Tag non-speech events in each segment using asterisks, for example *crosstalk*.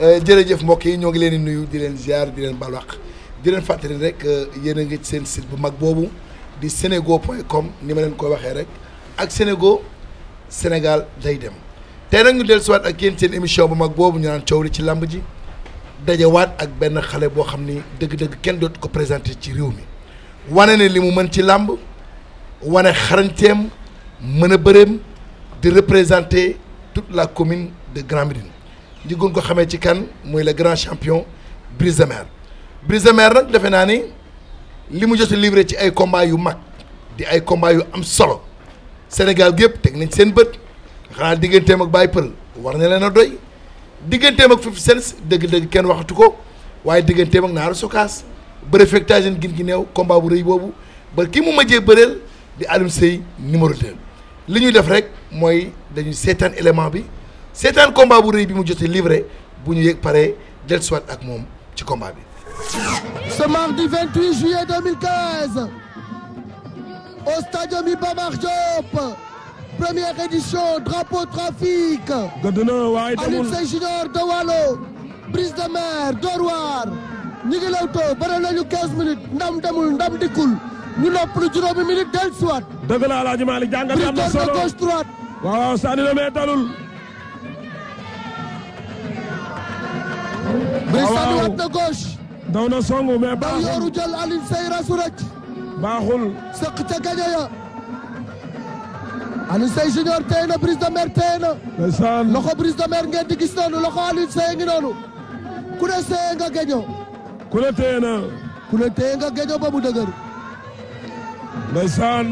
Euh, jërëjëf mbokk yi ñoo ngi leen di nuyu di leen ziar di leen balwaq di leen fàttali rek euh, yéen a ngi seen site bu mag boobu di senego point com ni ma leen koy waxee rek ak Senego Sénégal day dem tey nag ñu dellusiwaat ak yéen seen émission bu mag boobu ñu naan coow li ci làmb ji dajawaat ak benn xale boo xam ni dëgg-dëgg kenn dootu ko présenté ci réew mi wane ne li mu mën ci làmb wane xarañteem mën a bëreem di représenter tout la commune de Grand Médine ñu gën ko xamee ci kan muy le grand champion Brise de Mer Brise de nag defe naa ni li mu jot a livré ci ay combat yu mag di ay combat yu am solo Sénégal gépp teg nañ seen bët xanaa digganteem ak Baye Pël war na leen a doy digganteem ak Fifty Cent dëgg-dëgg kenn waxatu ko waaye digganteem ak Naaru Sokaas bëre fectage gin gi néew combat bu rëy boobu ba kii mu mujjee bëreel di Alioune Seye numéro 2 li ñuy def rek mooy dañuy seetaan élément bi. seetaan combat bu rëy bi mu jotee livré bu ñu yëg pare del soit ak moom ci combat bi. ce mardi 28 juillet 2015 au stadium Iba Mar Diop première édition drapeau trafic. gëdd Junior de Waalo brise de mer Dóor waar ñu ngi lewtoo bare nañu 15 minutes ndam demul ndam ñu nopp lu juróomi minute del soit. dëgg la El Hadj Malick de gauche droite. waaw waaw Sadio Brice Sane waat na gauche. daw na songu mais baaxul daw yooru jël Alioune Seye rasu rek. baaxul. sëq ca gañe ya. Alioune Seye junior téye na Brise de Mer na. loxo Brise de Mer ngeen gis noonu loxo Alioune Seye ngi noonu. ku ne Seye nga gañoo. ku ne téye nga gañoo ba mu dëgër. ndeysaan.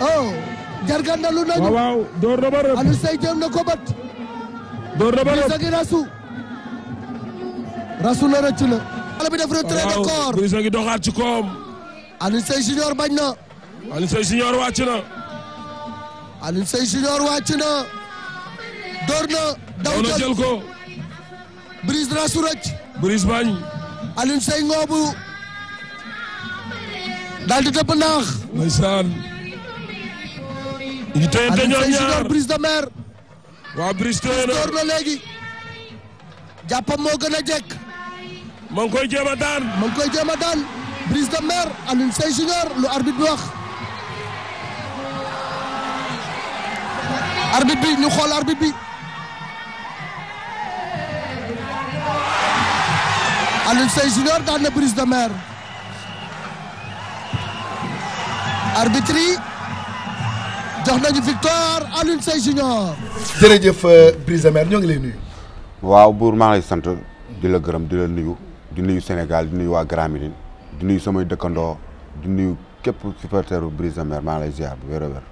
oh. jargandalu nañu. waaw waaw door na ba rëb. Alioune Seye jëm na ko bat. door na ba rëb Brise rasu. rasu la rëcc la. xale bi def retrait de corps ci koom. Alioune Seye Junior bañ na. Alioune Seye Junior wàcc na. Alioune na. door na daw na jël ko. Brise bañ. Alioune Seye ngoobu. daal di dëpp naax. ndeysaan. ñu téye te ñoom ñaar Brise de Mer. waa Brise téye na door na léegi. jàppam moo gën a jekk. ma ngi koy a daan. koy jéem a daan Brise de Mer Alioune Junior lu arbitre bi wax. arbitre bi ñu xool arbitre bi Alioune Junior daan na Brise de Mer. arbitre yi jox nañu victoire Alioune Seye Junior. jërëjëf euh, Brise de ñoo ngi lay nuyu. waaw buur maa ngi lay sant. di la gërëm di la nuyu. di nuyu Sénégal di nuyu waa Grand Médine di nuyu samay dëkkandoo di nuyu képp supporteru Brise de Mer maa lay bu wér a wér.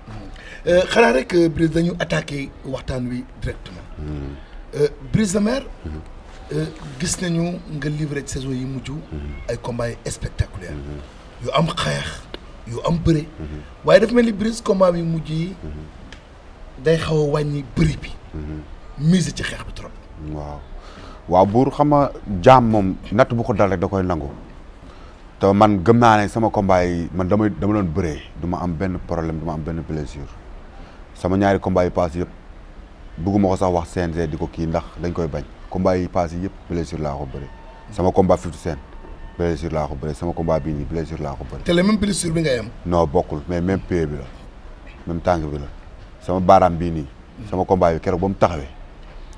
Euh, xanaa rek euh, Brise dañu attaqué waxtaan wi directement. Hmm. Euh, Brise de Mer. Hmm. gis nañu nga livré ci saison yi mujj. Hmm. ay combats yi spectaculaires. yu am xeex yu am bëre. waaye dafa mel ni Brise combat bi mujj yi. day xaw a wàññi bëri bi. mise ci xeex bi trop. waaw. waaw buur xam nga jaam moom natt bu ko dal rek da koy nangu te man gëm naa ne sama combat man damay dama doon bëree du ma am benn problème duma ma am benn blessure sama ñaari combat yi paas yëpp bëgguma ko sax wax CNG di ko kii ndax dañ koy bañ combat yi paas yëpp blessure laa ko bëri sama combat Fifty Cent blessure laa ko bëri sama combat bii nii blessure laa ko bëri. te la même blessure bi ngay am. non bokkul mais même pied bi la même tànk bi la sama baaraam bii nii. sama combat bi keroog ba mu taxawee.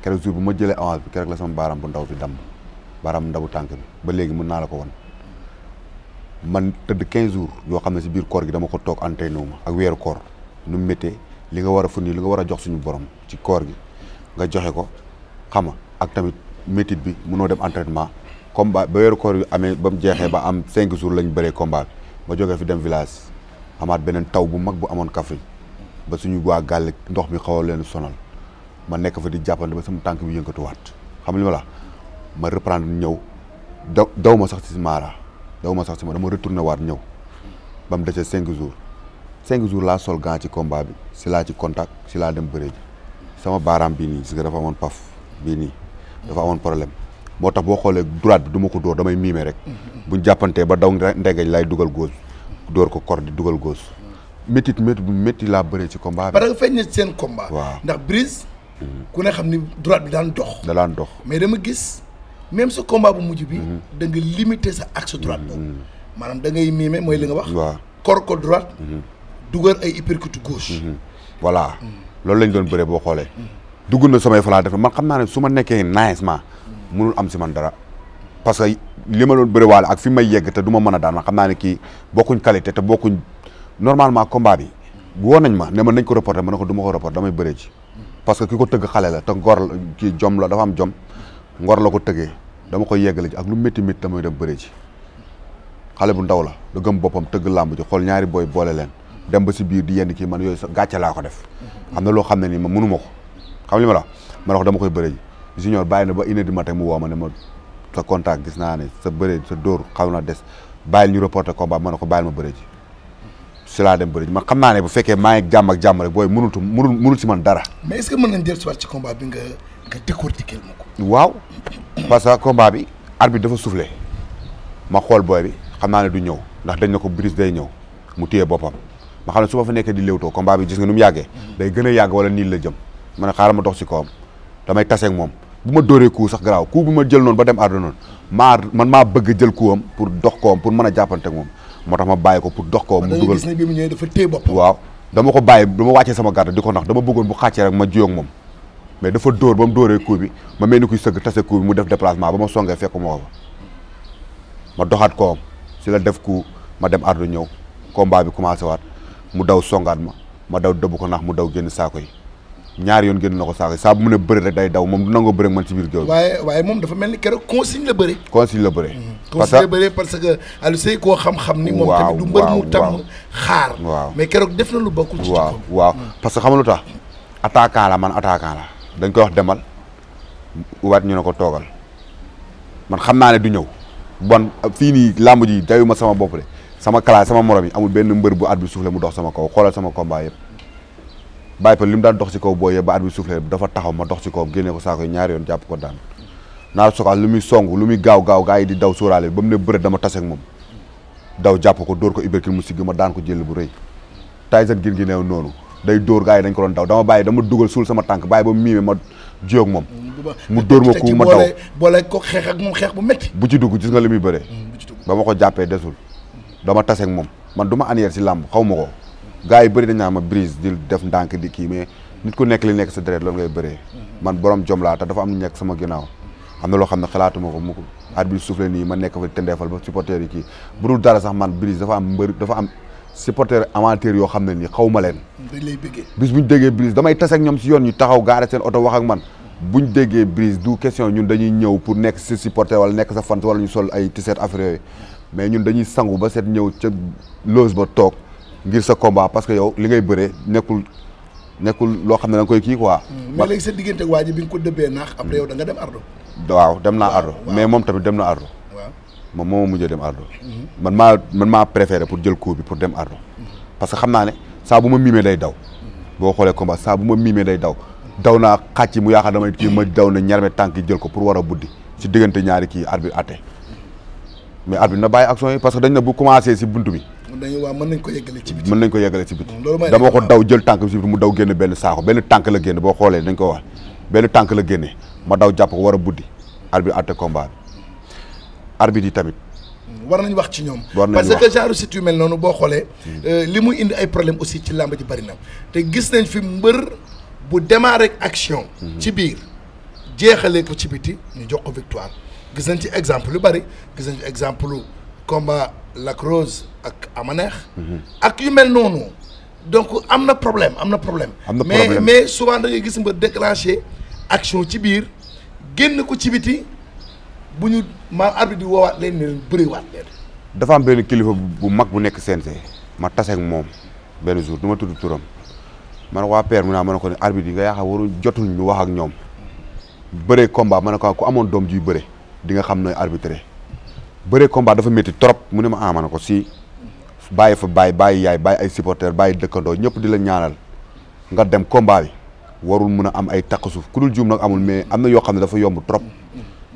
keroog jour bu ma jëlee avance bi keroog la sama baaraam bu ndaw bi damm baaraam ndawu tànk bi ba léegi mën naa la ko won man tëdd 15 jours yoo xam ne si biir koor gi dama ko toog entraîné wu ak weeru koor nu mu méttee li nga war a fu nii li nga war a jox suñu borom ci koor gi nga joxe ko xama ak tamit métit bi mënoo dem entraînement combat ba weeru koor bi amee ba mu jeexee ba am cinq jours lañ bëree combat ma jógee fi dem village amaat beneen taw bu mag bu amoon Kaffrine ba suñu waa gàll ndox mi xaw a leen sonal ma nekk fa di jàppale ba sama tànk bi yëngatuwaat xam li ma la ma reprendre ñëw daw daw ma sax si maara ma sax si ma dama retourné waat ñëw ba mu dese cinq jours cinq jours laa sol gant ci combat bi si laa ci contact si laa dem bëre ji sama baaraam bii nii parce que dafa amoon paf bii nii dafa amoon problème moo tax boo xoolee droite bi duma ko dóor damay miime rek buñ jàppantee ba daw ndegeñ laay dugal góos dóor ko kor di dugal góos métit métit bu laa bëree ci combat bi. parce seen combat. waaw ndax ku ne xam ni droite bi daan dox. da dox mais dama gis même sa combat bu mujj bi. Mhm. da nga limiter sa axe droite mhm. boobu. maanaam da ngay miime mooy li nga wax. waaw kor ko droite. Mhm. dugal ay uppercut gauche. voilà loolu lañ doon bëree boo xoolee. dugg na samay falaat dafa man xam naa ne su ma nekkee nice ma mënul am si man dara. parce que li ma doon bëriwaale ak fi may yegg te duma ma mën a daan man xam naa ne kii bokkuñ qualité te bokkuñ normalement bi woo ma ne ma nañ ko reporté ma ne ko du ma ko ci. parce que ki ko tëgg xale la te ngor la kii jom la dafa jom ngor la ko tëggee dama ko yeggale ji ak lu métti métti damay dem bëre ji xale bu ndaw la da gëm boppam tëgg làmb ji xool ñaari booy boole leen dem ba si biir di yenn kii man yooyu sa gàcce laa ko def am na loo xam ne ni ma mënu ma ko xam li ma la ma wax dama koy bëre ji junior bàyyi na ba une heure du matin mu woo ma ne ma sa contact gis naa ne sa bëre sa dóor xaw na des bàyyil ñu reporté combat ma ne ko bàyyil ma bëre ji si laa dem bëri man xam naa ne bu fekkee maa ngi jàmm ak jàmm rek booy mënut mënul mënul si man dara. mais est-ce que mën nañ dellu si waat bi nga nga décortiquer ma ko. bi dafa soufflé ma xool booy bi xam naa ne du ñëw ndax dañ na ko brise day ñëw mu téye boppam ma xam ne su ma fa nekkee di léewtoo combat bi gis nga nu mu yàggee. day gën a yàgg nii la jëm ma ne xaaral ma dox si kawam damay taseeg moom bu ma dóoree coup sax garaaw ku bu ma jël noon ba dem àdduna noonu maa ma maa bëgg jël coup am pour dox kawam pour mën a jàppante moom moo tax ma bàyyi ko pour dox ko mu dugal gis ne bi mu ñëwee dafa téye bopp waaw dama ko bàyyi dama wàccee sama garde di ko nax dama bëggoon bu xàccee rek ma jiyoo ak moom mais dafa dóor ba dooree dóoree bi ma mel ni kuy sëgg tase coup bi mu def déplacement ba ma songee fekk ma ko fa ma doxaat koom si la def ku ma dem ardu ñëw combat bi commencé waat mu daw songaat ma ma daw dëbb ko nax mu daw génn saako yi ñaar yoon génn na ko saako saa bu mu ne bëri rek day daw moom du nangoo bëri man ci biir géew bi. waaye waaye moom dafa mel ni keroog consigne la bëri. consigne la bëri. Mm-hmm. parce que consigne la bëri xam-xam ni. moom tamit du mbër mu tam xaar. waaw mais keroog def na lu bokkul. ci waaw mm-hmm. parce que xam nga lu tax man attaquant dañ koy wax demal waat ñu ne ko toogal man xam naa ne du ñëw bon fii nii làmb ji ma sama bopp de sama classe sama morom yi amul benn mbër bu at bi suuf la mu dox sama kaw xoolal sama combat yëpp bàyyi pa li mu daan dox ci kaw booyee ba at bi soufflé dafa taxaw ma dox si kaw génne ko saako ñaari yoon jàpp ko daan naar sokaas lu muy song lu muy gaaw gaaw gaa yi di daw sóoraale ba mu ne bëre dama moom daw jàpp ko dóor ko iberkin mu sigg ma daan ko jël bu rëy Tyson gin gi neew noonu day dóor gaa yi dañ ko doon daw dama bàyyi dama dugal suul sama tànk bàyyi ba mu miime ma jiyoog moom mu dóor ma ku ma daw boole ko xeex ak xeex bu métti bu ci dugg gis nga li muy bëree mm, ba ma ko jàppee desul dama tase moom man duma ma aneer ci làmb xaw ma ko gars yi bëri dañ naa ma brise di def ndànk di kii mais nit ku nekk li nekk sa deret loolu ngay bëree mhm. man borom jom laa dafa am lu nekk sama ginnaaw am na loo xam ne xalaatuma ko mu ko nii ma nekk fa tendeefal ba supporter yi kii bu dul man brise dafa am mbër dafa am supporter amateur yoo xam ne nii xaw ma leen dañ bis buñ déggee brise damay tase ñoom si yoon ñu taxaw gaare seen oto wax ak man buñ déggee brise du question ñun dañuy ñëw pour nekk si supporter wala nekk sa fans wala ñu sol ay t-shirt affaire yooyu mais ñun dañuy sangu ba seet ñëw ca loose ba toog ngir sa combat parce que yow li ngay bëree nekkul nekkul loo xam ne da nga koy kii quoi. Hmm, mais léegi diggante waa bi nga ko dëbbee naax. après yow da dem ardo. waaw dem naa ardo mais moom tamit dem na ardo. waaw moom moo mujjee dem ardo. Hmm. man maa man maa préféré pour jël coup bi pour dem ardo. Hmm. parce que xam naa ne saabu ma miimee day daw. boo xoolee combat saa bu ma miimee day daw. daw naa xàcc mu yaakaar damay kii ma daw na ñarme tànk yi jël ko pour war a buddi si diggante ñaari kii arbitre atte mais arbitre na bàyyi action yi parce que dañ na bu commencé si buntu bi. dañu waaw mën nañ ko yeggale ci biti mën nañ ko yeggale ci biti dama ko daw jël tànk bi ci biti mu daw génne benn saako benn tànk la génne boo xoolee dañ ko wax benn tànk la génne ma daw jàpp ko war a buddi arbitre àtte combat bi arbitre yi tamit hmm, war nañ wax ci ñoom parce que genre site yu mel noonu boo xoolee hmm. euh, li mu indi ay problème aussi ci làmb ji bari na te gis nañ fi mbër bu démarré action hmm. ci biir jeexalee ko ci biti ñu jox ko victoire gis nañ ci exemple lu bari gis nañ ci exemple combat Lac Rose ak Amaneex. Mhm. ak yu mel noonu. donc am na problème am na problème. am na problème mais mais souvent da ngay gis nga déclenché action ci biir génn ko ci biti bu ñu ma arbitre di woowaat leen ne leen leen. dafa am benn kilifa bu mag bu nekk CNG ma tase moom benn jour du ma tudd turam man waa père mu naa ma ne ko ne ah, arbitre yi nga yaakaar waruñ jotul ñu wax ak ñoom bëree combat ma ne ko ah, amoon doom juy bëre di nga xam nooy arbitré. bëree combat dafa métti trop mu ne ma ama ah, na ko si bàyyi fa bàyyi bàyyi yaay bàyyi ay supporters bàyyi dëkkandoo ñëpp di la ñaanal nga dem combat warul mun a am ay takk suuf ku dul juum nag amul mais am na yoo xam ne dafa yomb trop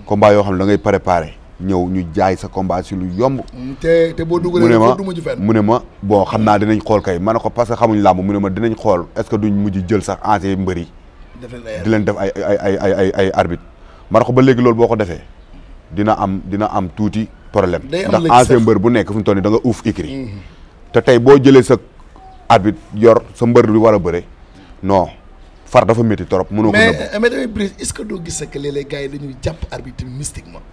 combat yoo xam ne da ngay préparé ñëw ñu jaay sa combat si lu yomb. Mm, te te boo dugalee du mujj fenn mu ne ma boo xam naa dinañ xool kay ma ne ko parce que xamuñ làmb mu ne ma dinañ xool est ce que duñ mujj jël sax ancien mbër yi di leen def ay ay ay ay ay arbitre ma ne ko ba léegi loolu boo ko defee dina am dina am tuuti. problème ndax ancien mbër bu nekk fu mu toll nii da uuf écrit mhm. te tey boo jëlee sa arbitre yor sa mbër bi war a bëre non far dafa métti trop mënoo ko mais mais tamit ce que gis que léeg-léeg gars yi dañuy jàpp arbitre mystiquement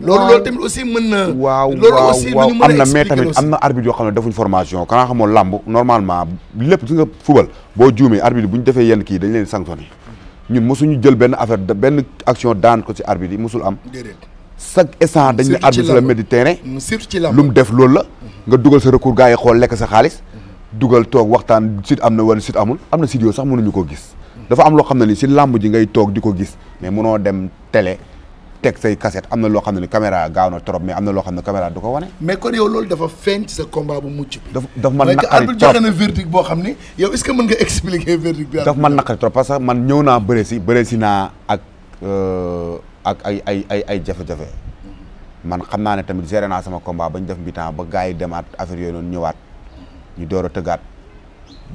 loolu loolu mën na waaw loolu aussi waaw am na mais tamit am na arbitre yoo xam ne defuñ formation kanaa xamoo làmb normalement lépp su nga fubal boo juumee arbitre bu ñu defee yenn kii dañ leen sanctionné ñun mosuñu jël benn affaire benn action daan ko ci arbitre yi mosul am chaque instant dañ ne arbitre sur le Méditerrain lu mu def loolu la mm-hmm. nga dugal sa recours gars yi xool lekk sa xaalis mm-hmm. dugal toog waxtaan site am na wala site amul am na site yoo sax mënuñu ko gis mm-hmm. dafa am loo xam ne ni si làmb ji ngay toog di ko gis mais mënoo dem télé teg say cassette am na loo xam ne ni caméra gaaw na trop mais am na loo xam ne caméra du ko wane mais kon yow loolu dafa feeñ ci sa combat bu mucc daf man naqari trop boo xam ne yow est-ce que mën nga *laughs* expliquer verdict bi daf man naqari trop parce que man ñëw naa bëre si bëre si ak euh, ak ay ay ay ay jafe-jafe man xam naa ne tamit géré naa sama combat ba ñu def mi temps ba gars yi demaat affaire yooyu noonu ñëwaat ñu door a tëggaat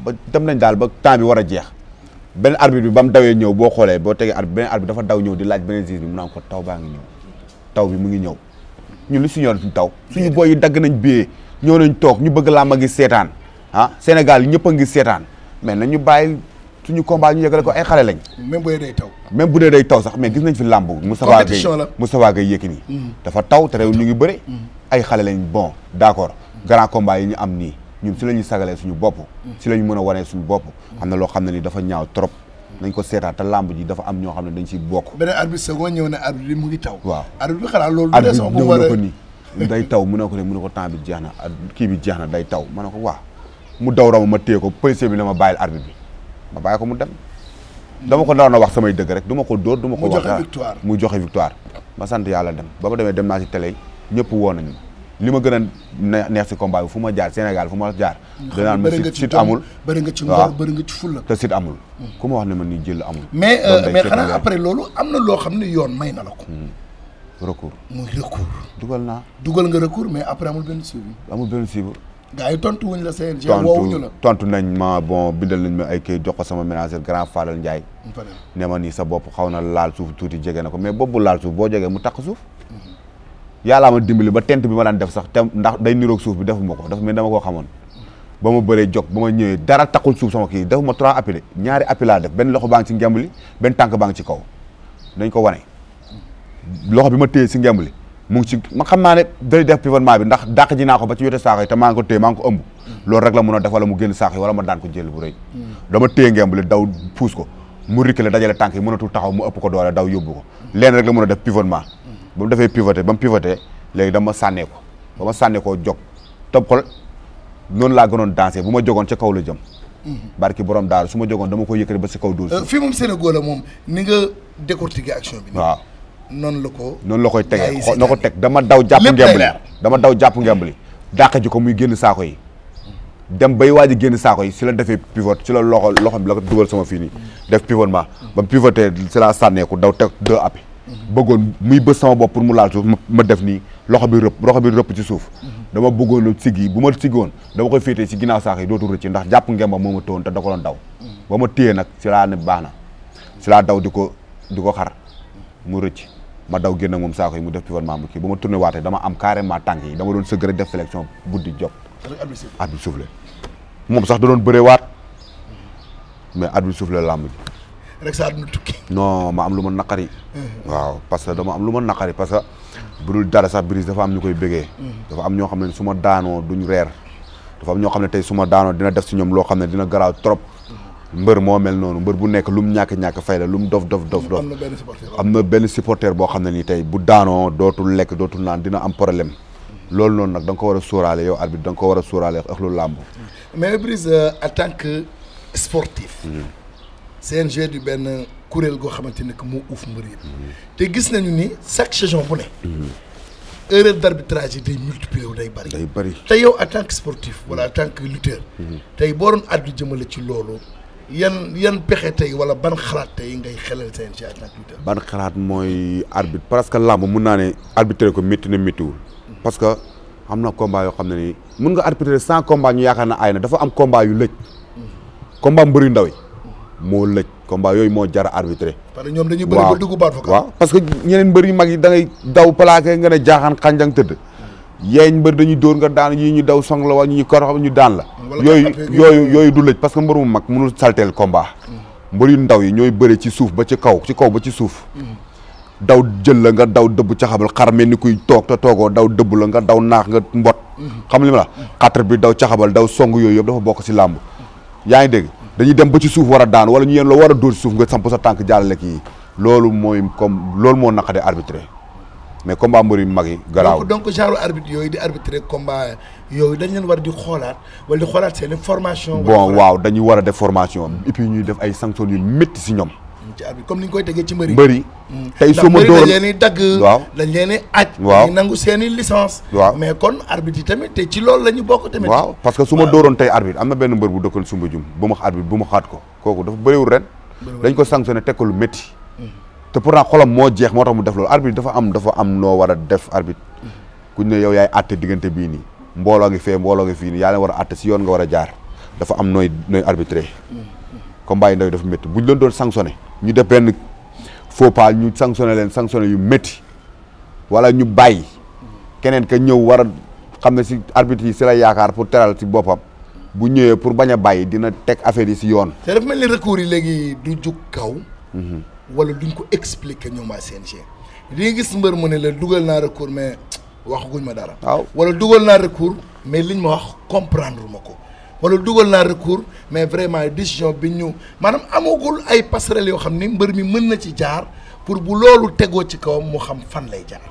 ba dem nañ daal ba temps bi war a jeex benn arbitre bi ba mu dawee ñëw boo xoolee boo tegee arbitre beneen arbitre dafa daw ñëw di laaj beneen juge bi mu naan ko taw baa ngi ñëw taw bi mu ngi ñëw ñun lu suñu yoon taw suñu boy yi dagg nañ biyee ñëw nañ toog ñu bëgg làmb a ngi seetaan ah Sénégal ñëpp a ngi seetaan mais nañu bàyyi suñu combat ñu yëgale ko ay xale lañ. même bu dee day taw. même bu dee day taw sax mais gis nañ fi làmb. compétition la Moustapha Gueye Yékini mm. dafa taw te réew ñu ngi bëri. Mm. ay xale lañ bon d'accord mm. grand combat yi ñu am nii ñun si la ñuy sagalee suñu bopp. si la ñu mën a wanee suñu bopp. am na loo xam ne ni dafa ñaaw trop. nañ ko seetaat te làmb ji dafa am ñoo xam ne dañ ciy bokk. beneen arbitre second ñëw ne arbitre bi mu ngi taw. waaw arbitre bi xanaa loolu. arbitre ñëw na ko nii day taw mu ne ko ne mu ne ko temps bi jeex na kii bi jeex na day taw ma ne ko waaw mu daw rama ma téye ko policier bi la ma bàyyil arbitre bi ma bàyyi ko mu dem. dama ko naroon a wax samay dëgg rek du ma ko dóor du ko. wax mu joxe victoire mu joxe victoire. ma sant yàlla dem ba ma demee dem naa si télé ñëpp woo nañu li ma gën a neex si combat bi fu ma jaar Sénégal fu ma jaar. danaan ma si site amul bëri nga ci ngor bëri nga ci fulla te site amul. Hmm. ku ma wax ne ma nii jël amul. mais euh, mais xanaa après loolu am na loo xam ne yoon may na la ko. Hmm. recours muy dugal naa. dugal nga recours mais après amul benn suivi. amul benn suivi. gaa yi tontu wuñ la CNG. ñu la tontu nañ ma bon bindal nañ ma ay kii jox ko sama ménager grand Fallal Ndiaye. ne ma nii sa bopp xaw na laal suuf tuuti jege na ko mais bopp bu laal suuf boo jegee mu takk suuf. yàllaa ma dimbali ba tent bi ma daan def sax te ndax day niroog suuf bi defu defuma ko dafa mel dama koo xamoon. ba ma bëree jog ba ma ñëwee dara takkul suuf sama kii defuma trois appels ñaari appels laa def benn loxo baa ngi ci ngemb li benn tànk baa ngi ci kaw. dañ ko wane. loxo bi ma téye si ngemb li mu ngi ci ma xam naa ne day def pivotement bi ndax dàq ji naa ko ba ci yote saako yi te maa ngi ko téye maa ngi ko ëmb rek la mën a def wala mu génn saako yi wala ma daan ko jël bu rëy hmm. dama téye ngemb li daw puus ko mu rikkale dajale tànk yi mënatul taxaw mu ëpp ko doole daw yóbbu ko leen rek la mën a def pivotement hmm. ba mu defee pivoté ba mu pivoté léegi dama sànnee ko ba ma sànnee koo jog tob xol noonu laa gënoon dansé bu ma jogoon ca kaw la jëm hmm. barki borom daal su ma jogoon dama ko yëkkati ba si kaw euh, fii moom Sénégal la moom ni nga décortiquer bi waaw noonu la ko. noonu la koy tegee xo na ko teg dama daw jàpp ngemb li dama daw jàpp ngemb li dàq ji ko muy génn saako yi dem bay waaj a génn saako yi si la defee pivot ci la loxo loxo bi la ko dugal sama fii nii def pivotement ba mu pivoté si la sànneeku daw teg deux appuis bëggoon muy ba sama bopp mu laal suuf ma def nii loxo bi rëpp loxo bi rëpp ci suuf dama bëggoon siggi bu ma siggoon dama ko féetee si ginnaaw saako yi doo dootu rëcc ndax jàpp ngemba moo ma tóon te da ko doon daw ba ma téyee nag si laa ne baax na si laa daw di ko di ko xar mu rëcc ma daw génn moom saako yi mu def pivotement bu kii ba ma tourné waatee dama am carrément tànk yi dama doon sëgg rek def sélection buddi jog at bi ah, soufflé moom sax da doon bëree waat mais at bi soufflé làmb ji ma am lu ma naqari uh-huh. waaw parce que dama am lu ma naqari parce que bu dul dara sax brise dafa am ñu koy bégee uh-huh. dafa am ñoo xam ne suma ma daanoo duñ reer dafa am ñoo xam ne tey suma daanoo dina def si ñoom loo xam ne dina garaaw trop uh-huh. mbër moo mel noonu mbër bu nekk lu mu ñàkk-ñàkk fay la lu mu dof dof dof dof am na benn supporter boo xam ne nii tey bu daanoo dootul lekk dootul naan dina am problème loolu noonu nag da ko war a sóoraale yow arbitre da nga ko war a sóoraale ak lu làmb mais Brise euh, en tant que sportif mm-hmm. du benn kuréel goo xamante ne que moo mm-hmm. te gis nañu ni chaque saison bu ne mm-hmm. erreur d'arbitrage yi day multiplier wu day bëri bëri te yow en tant que wala en tant tey boo doon addu jëmale ci loolu yan yan pexe tey wala ban xalaat tey ngay xelal CNG en tant que ban xalaat mooy arbitre parce que làmb mun naa ne arbitre ko métti na méttiwul. parce que am na combat yoo xam ne ni mun nga arbitrer sans combat ñu yaakaar na ay na dafa am combat yu lëj. combat mbër yu ndaw yi. moo lëj combat yooyu moo jar a arbitrer. parce que ñoom dañuy bëri ba dugg baat fa. parce que ñeneen mbër yu mag yi da ngay daw plaqué nga ne jaaxaan xànjang tëdd. yee yeeñ mbër dañuy dóor nga daan yi ñu daw song la wala ñu koroxam ñu daan la yooyu yooyu yooyu du lëj parce que mbër mu mag mënul salteel komba mm. mbër yu ndaw yi ñooy bëre ci suuf ba ci kaw ci kaw ba ci suuf mm. daw jël la nga daw dëbb caxabal xar mel ni kuy toog te toogo daw dëbb la nga daw naax nga mbot mm. xam li ma la xatar bi daw caxabal daw song yooyu yëpp dafa bokk si làmb yaa ngi dégg dañuy dem ba ci suuf war a daan wala ñu yeen la war a dóor suuf nga samp sa tànk jàllale kii loolu mooy comme loolu moo naqadee arbitré mais combat mbër yu mag yi. garaaw donc donc genre arbitre yooyu di arbitrer combat yooyu dañ leen war di xoolaat wala di xoolaat seen formation. bon waaw dañuy war a def formation et ñuy def ay sanctions yu métti si ñoom. ci comme ni ñu koy tegee ci mbëri. mbëri hmm. tey su ma doon dañ leen di dagg. waaw waaw seen i licence. waaw mais kon arbitre yi tamit te ci loolu la ñu bokk tamit. waaw parce que su ma dooroon tey arbitre am na benn mbër bu dëkkal Soumbédioune bu ma arbitre bu ma xaat ko kooku dafa bëriwul ren. dañ ko sanctionné te ko lu te pourtant xolam moo jeex moo tax mu def loolu arbitre dafa am dafa am noo war a def arbitre kuñ ne yow yaay atte diggante bii nii mbooloo gi fee mbooloo ngi fii nii war a àtte si yoon nga war a jaar dafa am nooy nooy arbitré combat yi ndaw dafa métti buñ leen doon sanctionné ñu def benn ñu sanctionné leen sanctionné yu métti wala ñu bàyyi keneen ka ñëw war a xam ne si arbitre yi si la yaakaar pour teral si boppam bu ñëwee pour bañ a bàyyi dina teg affaire yi si yoon. te dafa mel ni recours yi léegi du jug kaw. Mhm. wala duñ ko expliquer ñoom waa CNG di gis mbër mu ne la dugal naa recours mais waxaguñ ma dara. waaw wala dugal naa recours mais liñ ma wax comprendre ma ko wala dugal naa recours mais vraiment décision bi ñu maanaam amagul ay passerelles yoo xam ni mbër mi mën na ci jaar pour bu loolu tegoo ci kawam mu xam fan lay jaar.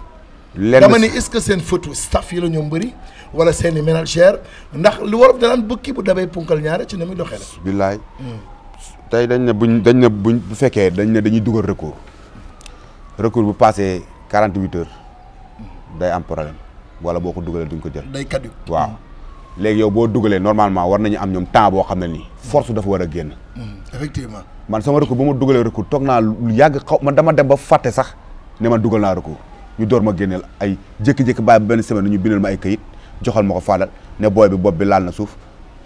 lenn dama ne est-ce que seen fëtu staff yi la ñoom bëri wala seen i ménagère ndax lu waroon danaan bukki bu dabee punkal ñaare ci ni muy doxee la. billaay. Hmm. tey dañ ne buñ dañ ne buñ bu fekkee dañ ne dañuy dugal recours recours bu passe quarante huit heures day am problème wala boo ko dugalee duñ ko jël. day kaddu waaw. léegi yow boo dugalee normalement war nañu am ñoom temps boo xam ne ni force dafa war a génn. Hmm, effectivement man sama recours bu ma dugalee recours toog naa lu yàgg xaw man dama dem ba fàtte sax ne ma dugal naa recours ñu door ma génneel ay jékki-jékki bàyyi ba benn semaine ñu bindal ma ay kayit joxal ma ko faalal ne booy bi bopp bi laal na suuf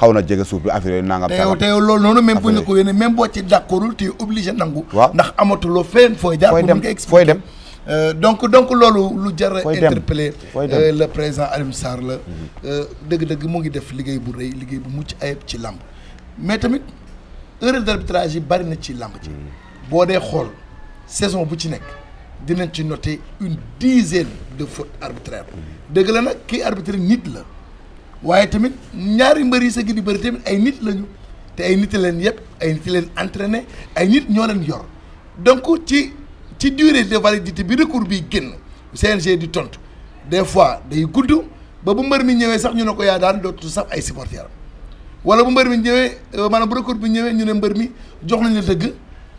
xaw na jege suuf bi affaire yooyu nangam. tey tey loolu noonu même bu ñu ko yéene même boo ci d'accordul tu es obligé nangu. ndax amatuloo fenn fooy jaar. fooy dem fooy dem euh, donc donc loolu lu jar a interpellé euh, le président Alioune Sarr la mhm. euh, dëgg-dëgg mu ngi def liggéey bu rëy liggéey bu mucc ayib ci làmb mais tamit erreur d'arbitrage yi bari na ci làmb ci mhm. boo dee xool saison bu ci nekk dinañ ci noter une dizaine de fautes arbitraires mhm. dëgg la nag kii arbitre nit la waaye tamit ñaari mbër yi sa gi bi bëri tamit ay nit lañu te ay nit leen yëpp ay nit leen entraîné ay nit ñoo leen yor donc ci ci durée de validité bi recours bi génn CNG di tontu des fois day gudd ba bu mbër mi ñëwee sax ñu ne ko yaa daan dootu sax ay supporters wala bu mbër mi ñëwee euh, maanaam bu recours bi ñëwee ñu ne mbër mi jox nañu dëgg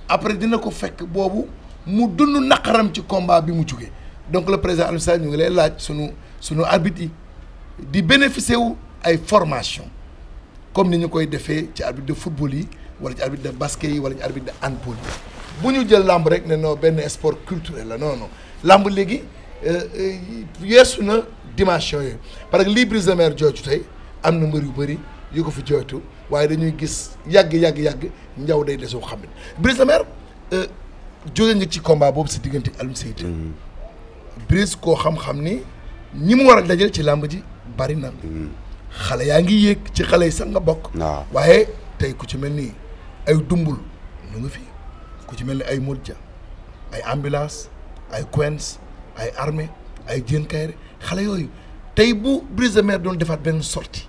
après dina ko fekk boobu mu dund naqaram ci combat bi mu jugee donc le président Alioune Sall ñu ngi lay laaj sunu sunu arbitre yi. di bénéficier wu ay formation comme ni ñu koy defee ci arbitre de football yi wala ci arbitre de basket yi wala ci arbitre de handball bu ñu jël làmb rek ne noo benn esport culturel la noonu non làmb léegi euh, euh, yeesu na dimension yooyu parce que lii Brise Mer jooju tey am na mbër yu bëri yu ko fi jooytu waaye dañuy gis yàgg yàgg yàgg njaw day desoo xam ne Brise de Mer euh, jóge ci combat boobu si diggante Alioune Seye mm-hmm. Brise koo xam-xam ni ñi mu war a dajal ci làmb ji bari na. Hmm. xale yaa ngi yéeg ci xale yi sax nga bokk. waaye tey ku ci mel ni ay dumbul ñu ngi fi ku ci mel ni ay Modja ay ambulance ay Queens ay armée ay Diène xale yooyu tey bu Brise doon defaat benn sortie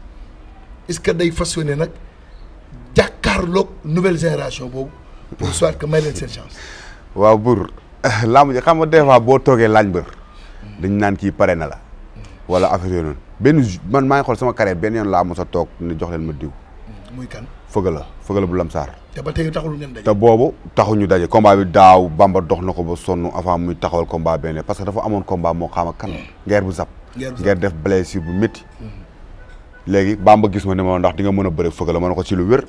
est-ce que day façonné nag jàkkaarloog nouvelle génération boobu pour *laughs* que may leen seen chance. waaw Bour *laughs* làmb ji xam nga des fois boo toogee laaj mbër hmm. dañ naan kii pare na la. wala affaire yooyu noonu benn man maa ngi xool sama carrière benn yoon laa mos a toog ne jox leen ma diw. Mm, muy kan fëgg la fëgg la bu lamsaar. te ba tey taxul ngeen daje. te boobu taxuñu daje combat daaw bamba dox na ko ba sonn avant muy taxawal combat benn parce que dafa amoon combat moo xam ak kan. ngeer mm. bu zap. ngeer def blessure bu métti. Mm. léegi bamba gis ma ne ma ndax di nga mën a bëre fëgg la ma ne ko ci lu wér.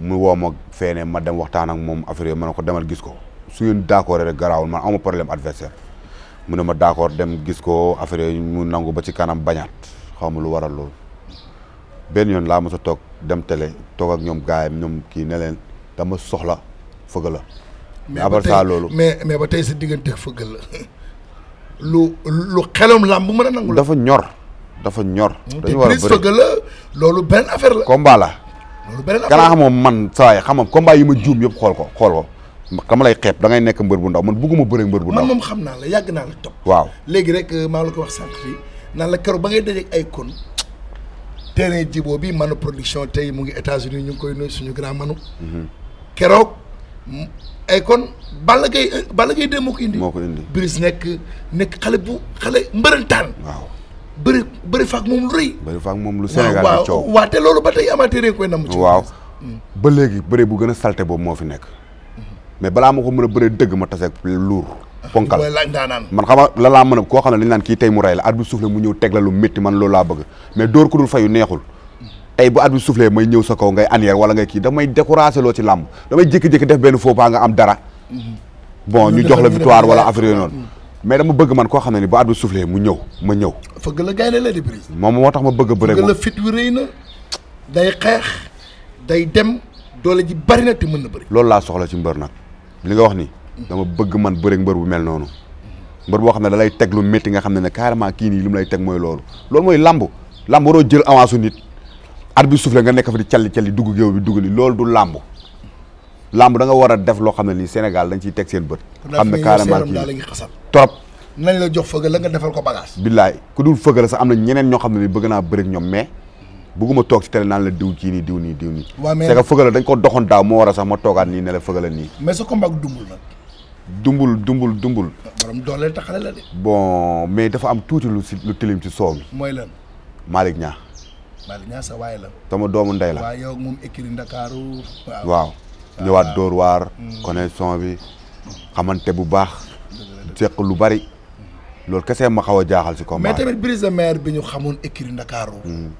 mu woo ma feene ma dem waxtaan ak moom affaire yooyu ma ne ko demal gis ko su ngeen d'accord rek man amu problème mu ne ma d'accord dem gis ko affaire yooyu mu nangu ba ci kanam bañaat xaw ma lu waral loolu benn yoon laa mos a toog dem télé toog ak ñoom gaayam ñoom kii ne leen dama soxla fëgg la. mais abar saa loolu mais mais ba tey sa diggante fëgg la lu lu xelam làmb bu mën a nangu. dafa ñor dafa ñor. Hmm, dañu war a bëri fëgg la loolu benn affaire la. combat la. loolu benn affaire la gannaaw xamoo man saa yi xam nga combat yi ma juum yëpp xool ko xool ko. xama lay xeeb da ngay nekk mbër bu ndaw man bugguma bëre mbër bu ndaw man moom xam naa la yàgg naa la topp waaw léegi rek euh, maa la ko wax sànq fii naan la keroog ba ngay dajeeg ay kon terrain jiboo bi manu production tey mu ngi États-Unis ñu ngi koy nuyu suñu grand manu mhm. keroog ay kon Balla Gaye euh, Balla Gaye de moo indi moo ko indi Brise nekk nekk xale bu xale mbërëntaan waaw bëri bëri faak moom lu moom lu Sénégal bi loolu ba tey amateur koy namm ci waaw mm. ba léegi bëri bu gën a salté boobu moo fi nekk mais balaa ma ko mën a bëree dëgg ma taseeg luur ponkal man xam nga la laa mën a koo xam ne dañ naan kii tey mu rey la at bi suuf la mu ñëw teg la lu métti man loolu laa bëgg mais dóor ku ñëw sa kaw ngay anière wala ngay kii damay découragé loo ci làmb damay jékki-jékki def benn faux pas nga am dara bon ñu jox la victoire wala affaire noonu mais dama bëgg man koo xam ne ni bu at bi suuflee mu ñëw ma ñëw fëgg la gaynde la di prise moom moo tax ma bëgg a bëre na day xeex day dem doole ji bari na te mën na bëri loolu laa soxla ci mbër nag li nga wax ni dama bëgg man bëre mbër bu mel noonu mbër boo xam ne dalay lay teg lu métti nga xam ne ne carrément kii nii li mu lay teg mooy loolu loolu mooy làmb làmb jël avance nit at bi suuf nga nekk fa di calli calli dugg bi dugg li loolu du làmb làmb da nga war a def loo xam ne nii Sénégal dañ ciy teg seen bët xam ne carrément kii trop nañ la jox fëgal la nga defal ko bagage billaay ku dul fëgal sa am na ñeneen ñoo xam ne ni bëgg naa bëri ñoom mais bëgguma toog ci télé naan la diw kii nii diw nii diw nii. waaw mais c'est que fëgal dañ ko doxoon daaw moo war a sax ma toogaat nii ne la fëgal nii. mais sa combat dumbul nag. dumbul dumbul dumbul. Ah, borom dooleel taxale la de. bon mais dafa am tuuti lu si tilim ci soow mi. mooy lan. Malick Niang. sa waay la. sama doomu ndey la waaw Ndakaaru. waaw ah, ñëwaat Dóor waar. Mm. connexion bi mm. xamante bu baax. seq lu bari. Mm. loolu kese ma xaw a jaaxal si ko mais tamit Brise de bi ñu xamoon écurie Ndakaaru.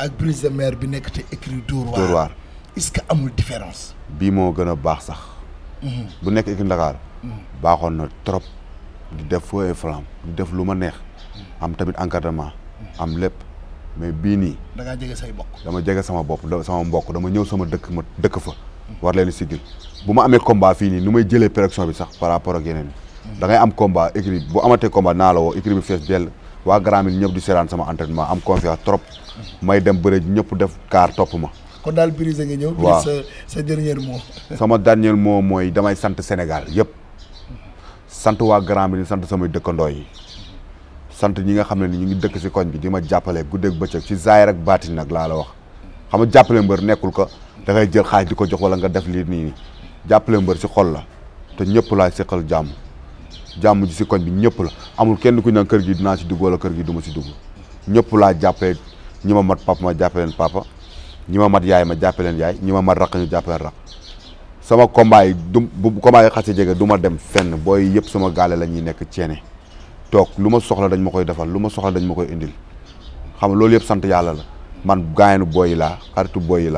ak brise de mer bi nekk te écrit Dóor waar Dóor que amul différence bii moo gën a baax sax mhm. bu nekk écrit Dakar mhm. baaxoon na trop di def foo et flamme di def lu ma neex mhm. am tamit encadrement am lépp mais bii nii da ngaa jege say bokk dama jege sama bopp sama mbokk dama ñëw sama dëkk ma dëkk fa war leen sigil bu ma amee combat fii nii nu may jëlee pression bi sax par rapport ak yeneen da am combat écrit bu amatee combat naa la woo écrit bi fees dell waa Grand Mille ñëpp di seeraan sama entraînement am confiance may dem bëre ñëpp def kaar topp ma. kon daal Brise nga ñëw. waaw sa sa dernier *laughs* sama dernier moo mooy damay sant Sénégal yëpp sant waa Grand Mille sant samay dëkkandoo yi sant ñi nga xam ne ni ñu ngi dëkk si koñ bi di ma jàppale guddeeg bëccëg ci zaahir ak baatin nag laa la wax xam nga jàppale mbër nekkul ko dangay jël xaalis di ko jox wala nga def lii nii jàppale mbër si xol la te ñëpp laay seqal jàmm. jàmm ji si koñ bi ñëpp la amul kenn ku ñu kër gi dinaa si dugg wala kër gi duma si dugg ñëpp laa jàppee ñu ma mat papa ma jàppee leen ñu ma mat yaay ma jàppe leen yaay ñi ma mat raq jàppee leen sama combat du bu combat yi jege du ma dem fenn booy yëpp sama gaale la ñuy nekk ceene toog lu ma soxla dañ ma koy defal lu ma soxla dañ ma koy indil xam loolu yëpp sant yàlla man gaayanu booy laa xaritu booy yi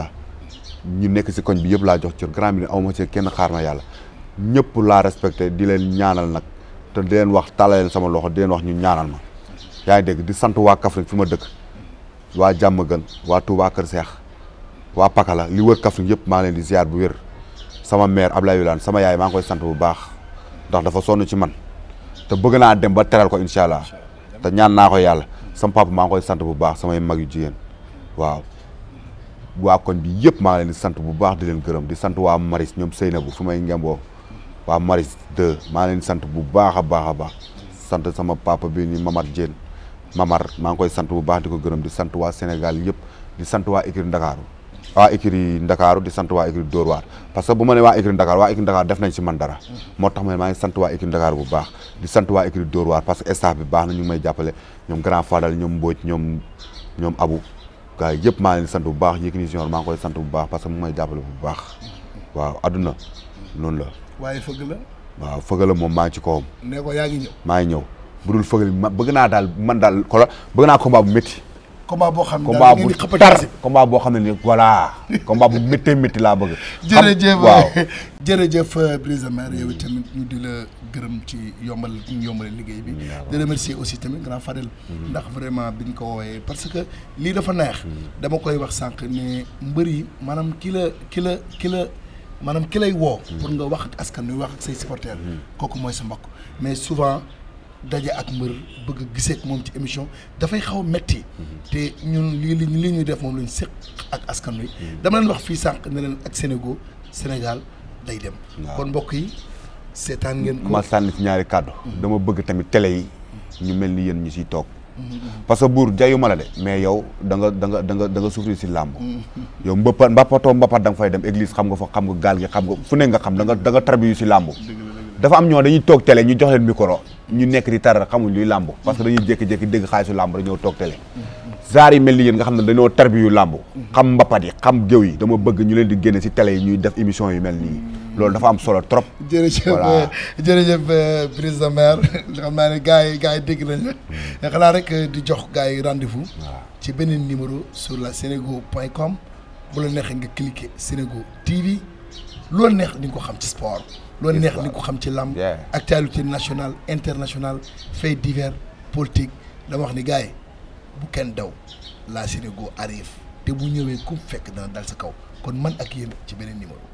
ñu nekk si koñ bi yëpp laa jox cër grand bi ne aw ma ci kenn xaar ma yàlla ñëpp laa respecté di leen ñaanal nag te di leen wax tàllaleen sama loxo di leen wax ñu ñaanal ma yaa ngi dégg di sant waa Kaffrine fi ma dëkk waa jàmm gën waa Touba Kër Seex waa Pakala li wër Kaffrine yëpp maa leen di ziar bu wér sama maire Abdoulaye Wilane sama yaay maa ngi koy sant bu baax ndax dafa sonn ci man te bëgg naa dem ba teral ko incha allah te ñaan naa ko yàlla sama maa ngi koy sant bu baax samay mag yu jigéen waaw waa koñ bi yëpp maa ngi sant bu baax di leen gërëm di sant waa Maris ñoom Seynabou fu may ngemboo waa Maris 2 maa leen sant bu baax a baax a baax sant sama papa bi ni Mamar Dieng Mamar maa ngi koy sant bu baax di ko gërëm di sant waa Sénégal yëpp di sant waa écurie Ndakaaru waa écurie Ndakaaru di sant waa écurie Dóor waar parce que bu ma ne waa écurie Ndakaaru waa écurie Ndakaaru def nañ si man dara moo tax ma ni maa sant waa écurie Ndakaaru bu baax di sant waa écurie Dóor waar parce que staff bi baax na ñu ngi may jàppale ñoom Grand Fadal ñoom Mbodj ñoom ñoom Abu gars yëpp maa leen sant bu baax Yékini Junior maa ngi koy sant bu baax parce que mu ngi may jàppale waaw adduna noonu la waaye fëgg la. waaw fëgg la moom maa ci kawam. nee ko yaa ngi ñëw. maa ngi ñëw budul fëgg ma bëgg naa daal man daal xoolal bëgg naa combat bu métti. combat boo xam ne daal ngeen di tar combat boo xam ne nii voilà combat bu méttee métti laa bëgg. jërëjëf waaw *laughs* jërëjëf euh, Brise de Mer tamit ñu di la gërëm ci yombal yombal liggéey bi. di remercier aussi tamit grand Fadel. Mm-hmm. ndax vraiment biñ ko woowee parce que lii dafa neex. Mm-hmm. dama koy wax sànq ne mbër yi maanaam ki la ki maanaam ki lay woo. pour nga wax ak askan wi wax ak say supporters. Hmm. kooku mooy sa mbokk mais souvent daje ak mbër bëgg gisee moom ci émission dafay xaw metti hmm. te ñun lii li li ñuy def moom lañu séq ak askan wi. Hmm. dama leen wax fii sànq ne ak Sénégal Sénégal day dem. kon mbokk yi seetaan ngeen ko. ma sànni ci ñaari kàddu. dama bëgg tamit télé yi. ñu mel ni yéen ñu siy toog. parce que buur jayuma la de mais yow da nga da da nga da nga si làmb yow mbëppat mbappatoo mbappat da nga fay dem église xam nga fa xam nga gaal gi xam nga fu ne nga xam da nga da nga tarbiyu si làmb dafa am ñoo dañuy toog tele ñu jox leen micro ñu nekk di tarar xamuñ luy làmb parce que dañuy jékki-jékki dégg xaalisu làmb dañoo toog télé genre yi mel ni yéen nga xam ne dañoo tarbiyu làmb xam mbappat yi xam géew yi dama bëgg ñu leen di génne si télé yi ñuy def émission yu mel nii loolu dafa am solo trop. jërëjëf euh, jërëjëf euh, prise de maire *laughs* xam naa ne gars yi gars yi dégg nañ la hmm. xanaa rek euh, di jox gars yi rendez-vous. ci beneen numéro sur la senego point com bu la neexee nga cliquer Senego TV loolu neex di nga ko xam ci sport. loolu neex di nga ko xam ci làmb. actualité national international fait divers politique dama wax ni gars yi bu kenn daw la Senego arrive te bu ñëwee ku fekk dana dal sa kaw kon man ak yéen ci beneen numéro.